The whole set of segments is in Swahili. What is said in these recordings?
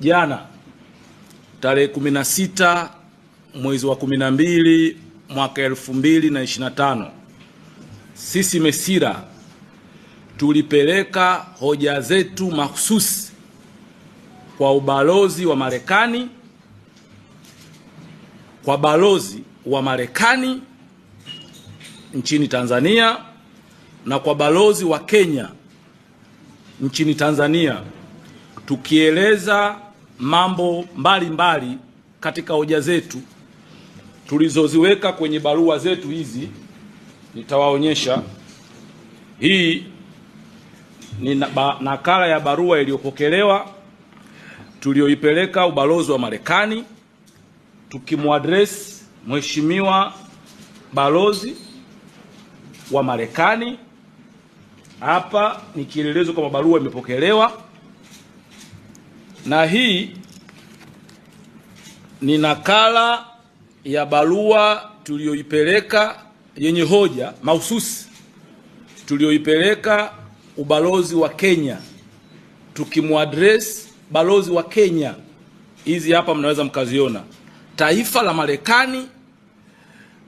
Jana tarehe 16 mwezi wa 12 mwaka tano sisi MECIRA tulipeleka hoja zetu mahususi kwa ubalozi wa Marekani, kwa balozi wa Marekani nchini Tanzania na kwa balozi wa Kenya nchini Tanzania tukieleza mambo mbalimbali mbali katika hoja zetu tulizoziweka kwenye barua zetu hizi, nitawaonyesha. Hii ni nakala ya barua iliyopokelewa tulioipeleka ubalozi wa Marekani tukimwadress Mheshimiwa balozi wa Marekani. Hapa ni kielelezo kwamba barua imepokelewa na hii ni nakala ya barua tuliyoipeleka yenye hoja mahususi tuliyoipeleka ubalozi wa Kenya tukimwadres balozi wa Kenya. Hizi hapa mnaweza mkaziona, taifa la Marekani,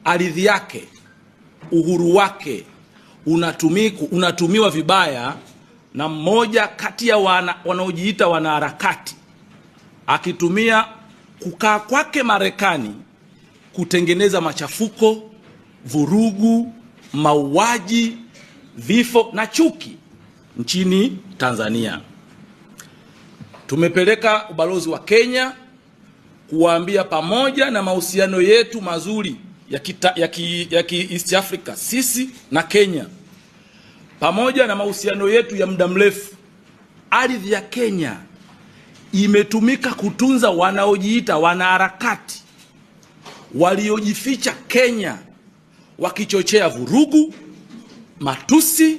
ardhi yake, uhuru wake unatumiku, unatumiwa vibaya na mmoja kati ya wana, wanaojiita wanaharakati akitumia kukaa kwake Marekani kutengeneza machafuko, vurugu, mauaji, vifo na chuki nchini Tanzania. Tumepeleka ubalozi wa Kenya kuwaambia, pamoja na mahusiano yetu mazuri ya, kita, ya, ki, ya ki East Africa sisi na Kenya pamoja na mahusiano yetu ya muda mrefu, ardhi ya Kenya imetumika kutunza wanaojiita wanaharakati waliojificha Kenya, wakichochea vurugu, matusi,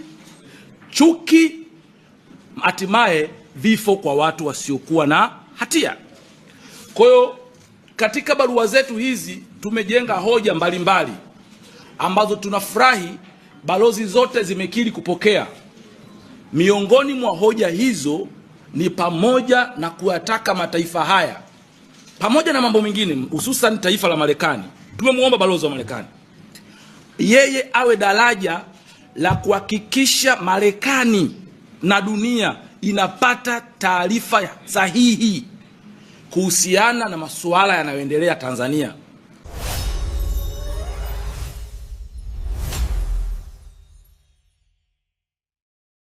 chuki, hatimaye vifo kwa watu wasiokuwa na hatia. Kwa hiyo katika barua zetu hizi tumejenga hoja mbalimbali mbali, ambazo tunafurahi balozi zote zimekiri kupokea. Miongoni mwa hoja hizo ni pamoja na kuyataka mataifa haya pamoja na mambo mengine, hususan taifa la Marekani. Tumemwomba balozi wa Marekani yeye awe daraja la kuhakikisha Marekani na dunia inapata taarifa sahihi kuhusiana na masuala yanayoendelea Tanzania.